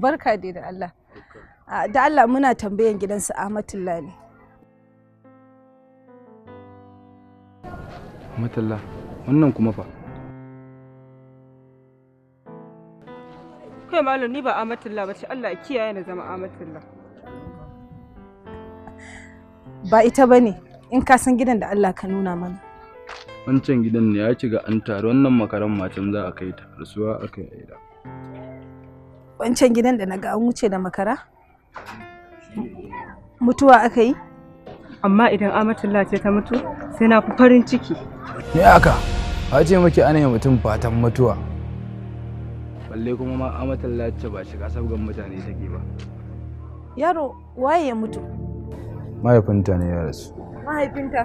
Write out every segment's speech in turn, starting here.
Barka dai da Allah. Da Allah muna tambayan gidansu Ahmadullah ne. Ahmadullah, wannan kuma fa? Kai malam ni ba Ahmadullah ba ce Allah kiyaye na zama Ahmadullah. Ba ita ba ne, in ka san gidan da Allah ka nuna mana. wancan gidan ne ya ga an taru wannan makaran matan za a kai ta rasuwa aka yi da wancan gidan da naga an wuce da makara mutuwa aka yi amma idan amatin ce ta mutu sai na fi farin ciki ne aka a ce miki ana yi mutum fatan mutuwa balle kuma ma amatullah ce ba shiga sabgan mutane take ba yaro waye ya mutu mahaifinta ne ya rasu mahaifinta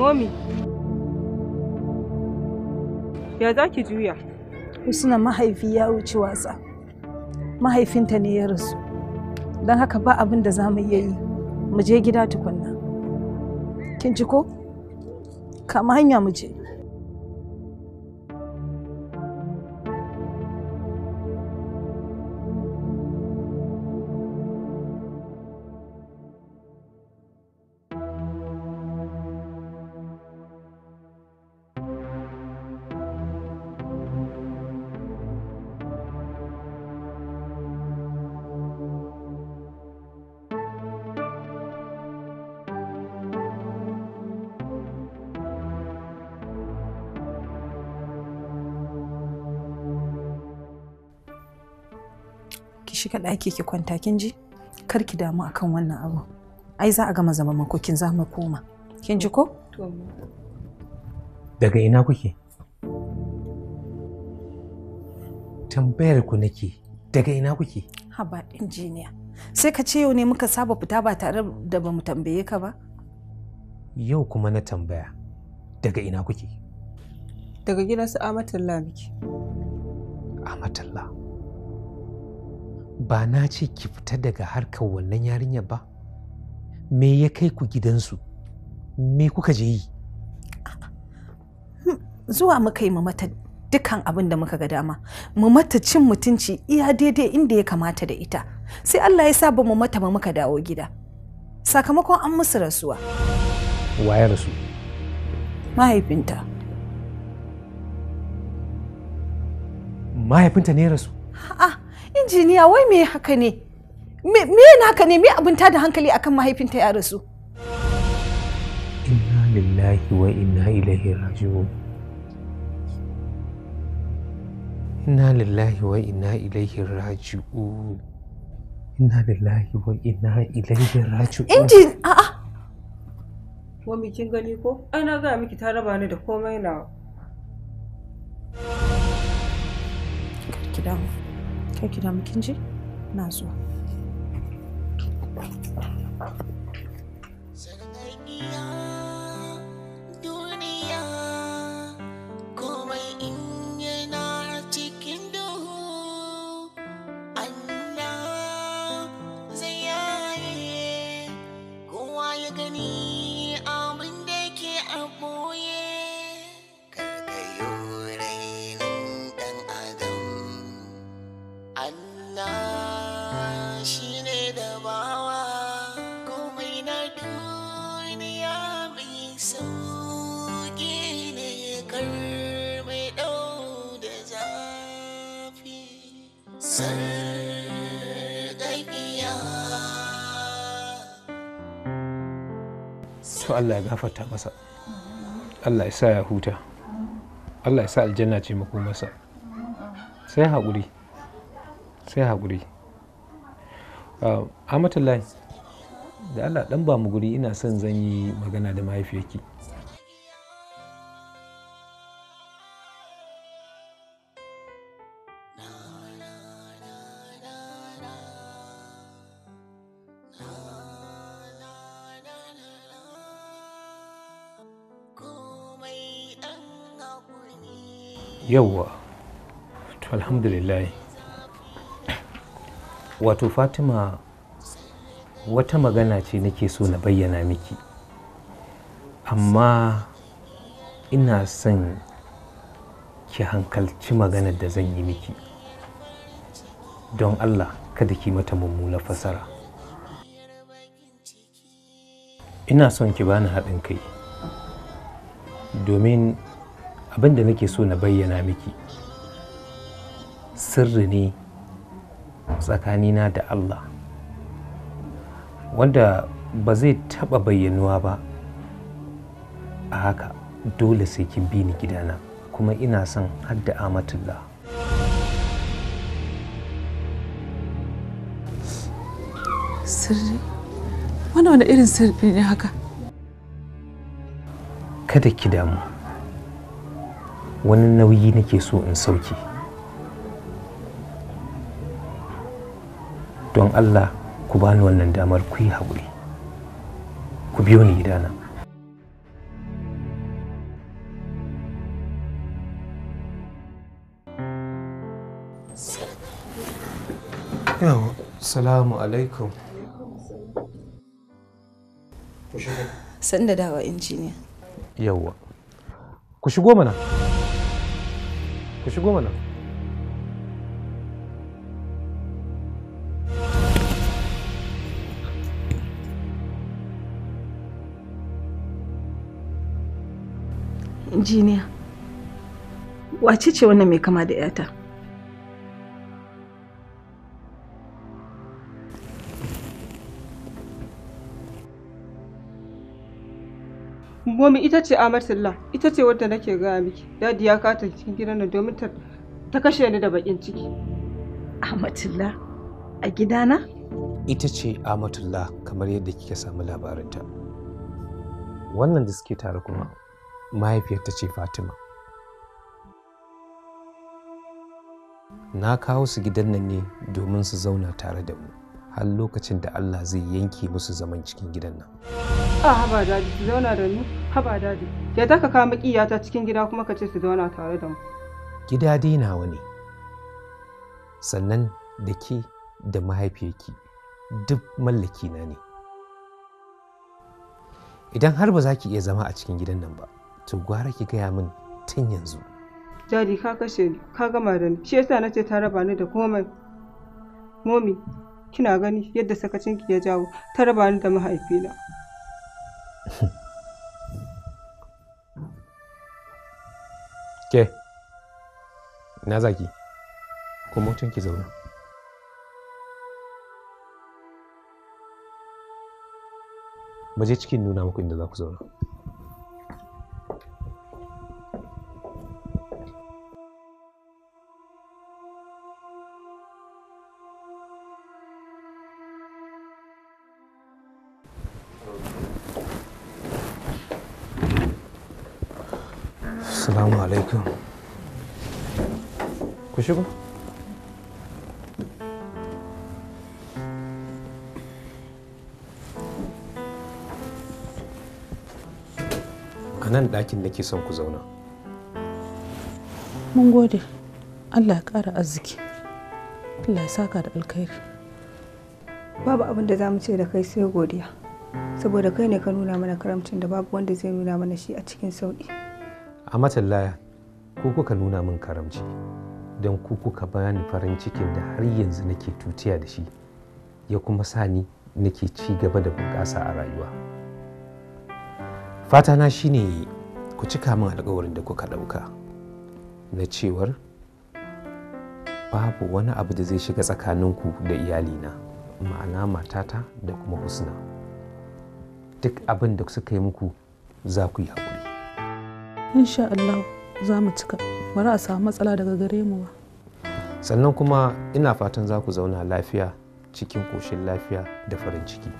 Momi. Ya za juya? Husna mahaifi ya wuce wasa. Mahaifinta ne ya rasu. Don haka ba abin da za mu iya yi. Mu je gida tukunna. Kin ji ko? Kama hanya mu je. shiga ake ki kwanta kin ji kar ki damu akan wannan abu ai za a gama zaman makokin za mu koma kin ji ko daga ina kuke tambayar ku nake daga ina kuke haba injiniya sai ka ce yau ne muka saba fita ba tare da ba mu tambaye ka ba yau kuma na tambaya daga ina kuke daga gidan su amatalla muke amatalla ba na ce ki fita daga harkar wannan yarinyar ba me ya kai ku gidansu me kuka je yi zuwa muka yi mata dukkan abin da muka ga dama mu cin mutunci iya daidai inda ya kamata da ita sai Allah ya sa ba mu mata ba muka dawo gida sakamakon an musu rasuwa waye rasu mahaifinta mahaifinta ne rasu a'a jiniya wai me haka ne me haka ne me abin da hankali akan mahaifinta ya rasu inna lillahi wa inna ilaihi raji'un inna lillahi wa inna ilaihi raji'un inna lillahi wa inna ilaihi raji'un injin a'a wani kin gani ko ai na ga miki ta raba ni da komai na ki damu kai da mukin ji na zo to Allah ya gafarta masa Allah ya sa ya huta Allah ya sa aljanna ce masa sai haƙuri sai haƙuri amatullahi ah, da Allah ɗan ba mu guri ina son zan yi magana da mahaifiyarki. yauwa to alhamdulillah wato fatima wata magana ce nake so na bayyana miki amma ina son ki hankalci maganar da zan yi miki don allah kada ki mata mummuna fasara ina son ki bani haɗin kai domin abin da nake so na bayyana miki sirri ne tsakanina da Allah wanda ba zai taɓa bayyanuwa ba a haka dole sai kin bi ni gidana kuma ina son hadda amatulla sirri wani wani irin sirri ne haka kada ki damu wani nauyi nake so in sauke don allah ku bani wannan damar ku yi haƙuri ku biyo ni gidana yawa salamu alaikum sanda dawa injiniya yawa ku shigo mana ku shigo injiniya wace ce wannan mai kama da 'yata Momi ita ce Amatullah, ita ce wadda nake gaya miki. Dadi ya kata cikin gidan nan domin ta ta kashe ni da bakin ciki. Amatullah a gidana? Ita ce Amatullah kamar yadda kike samu labarinta. Wannan da suke tare kuma mahaifiyarta ce Fatima. Na kawo su gidan nan ne domin su zauna tare da mu har lokacin da Allah zai yanke musu zaman cikin gidan nan. a ah, haba daji su zauna da ni haba daji ya ta ka kama kiyata cikin gida kuma ka ce su zauna tare da mu gida dai nawa ne sannan da ke da mahaifiyarki duk mallaki na ne idan har ba za ki iya zama a cikin gidan nan ba to gwara ki gaya min tun yanzu jari ka kashe ni ka gama da ni shi yasa na ce ta raba ni da komai momi kina gani yadda sakacinki ya jawo ta raba ni da mahaifina ke na zaki ko motun ki zauna ba je cikin nuna muku inda za ku zauna 드시고. A nan ɗakin nake son ku zauna. Mun gode. Allah ya ƙara arziki. Allah ya saka da alkhairi. Babu abin da za mu ce da kai sai godiya. Saboda kai ne ka nuna mana karamcin da babu wanda zai nuna mana shi a cikin sauƙi. A matallaya, ko kuka nuna min karamci. don ku kuka bani farin cikin da har yanzu nake tutiya da shi ya kuma sa ni nake ci gaba da bunƙasa a rayuwa fata na shine ku cika min alkawarin da kuka ɗauka na cewar babu wani abu da zai shiga tsakaninku da iyalina ma'ana matata da kuma husna duk abin da suka yi muku za ku yi haƙuri insha Allah za mu cika ba a samu matsala daga gare mu ba sannan kuma ina fatan za ku zauna lafiya cikin koshin lafiya da farin ciki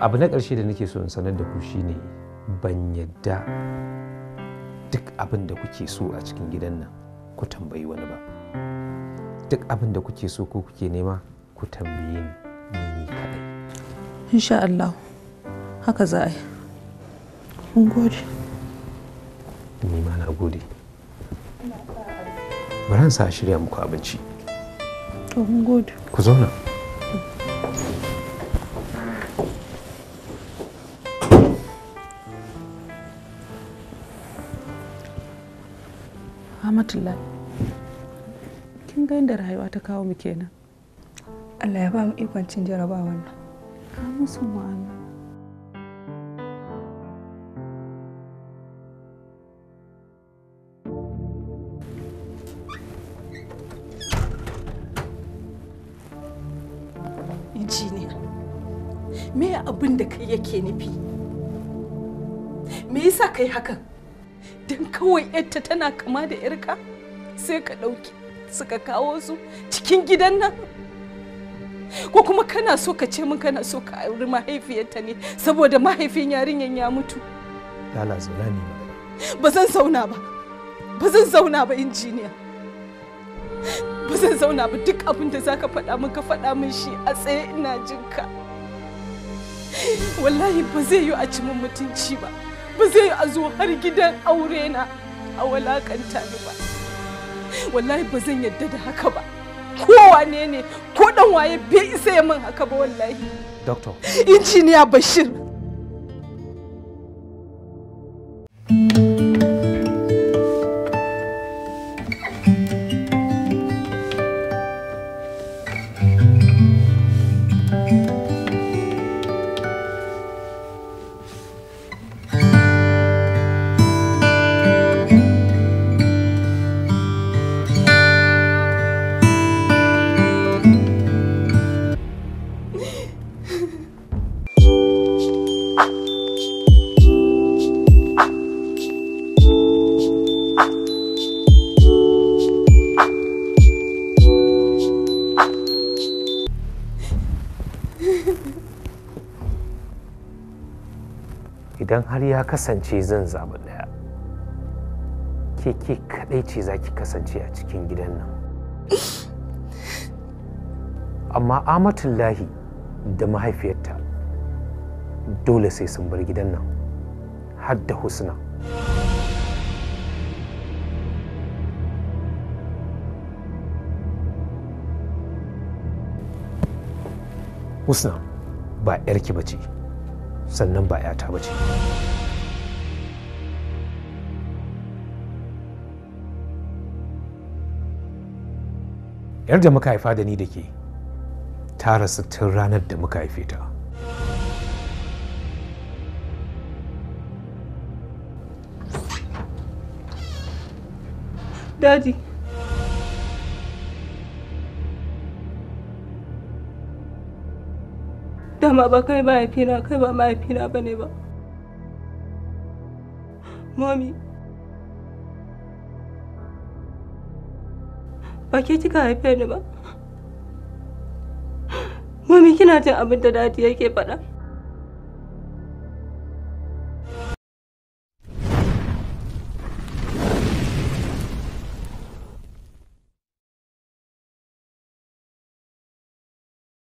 abu na ƙarshe da nake so in sanar da ku shine ban yadda duk abin da kuke so a cikin gidan nan ku tambayi wani ba duk abin da kuke so ko kuke nema ku tambaye ni ni kaɗai insha Allah haka za a yi mun gode ni ma na gode bari sa shirya muku abinci ku zauna Amatullah kin ga inda rayuwa ta kawo mu kenan Allah ya ba mu ikon cin jarabawa wannan. Amin su ma'ana. me abin da kai yake nufi me yasa kai hakan don kawai yarta tana kama da yarka sai ka ɗauki suka kawo su cikin gidan nan ko kuma kana so ka ce min kana so ka auri mahaifiyarta ne saboda mahaifin yarinyan ya mutu lala zauna ne ba zan zauna ba ba zan zauna ba injiniya ba zan zauna ba duk abin da zaka faɗa min ka faɗa min shi a tsaye ina jinka wallahi ba zai yi a cimin mutunci ba ba zai yi a zo har gidan aure na a walakanta ni ba wallahi ba zan yadda da haka ba kowane ne ko dan waye bai isa ya min haka ba wallahi doctor injiniya bashir ya kasance zan zaɓi ɗaya ke ke kaɗai ce za ki kasance a cikin gidan nan amma amatullahi da mahaifiyarta dole sai sun bar gidan nan har da husna husna ba 'yarki bace sannan ba 'yata ba yar da muka haifa da ni da ke ta rasu tun ranar da muka haife ta daji Dama ba kai mahaifina, kai ba mahaifina ba ne ba. mami. ba ka kika haife ni ba mami kina jin abin da dadi yake faɗa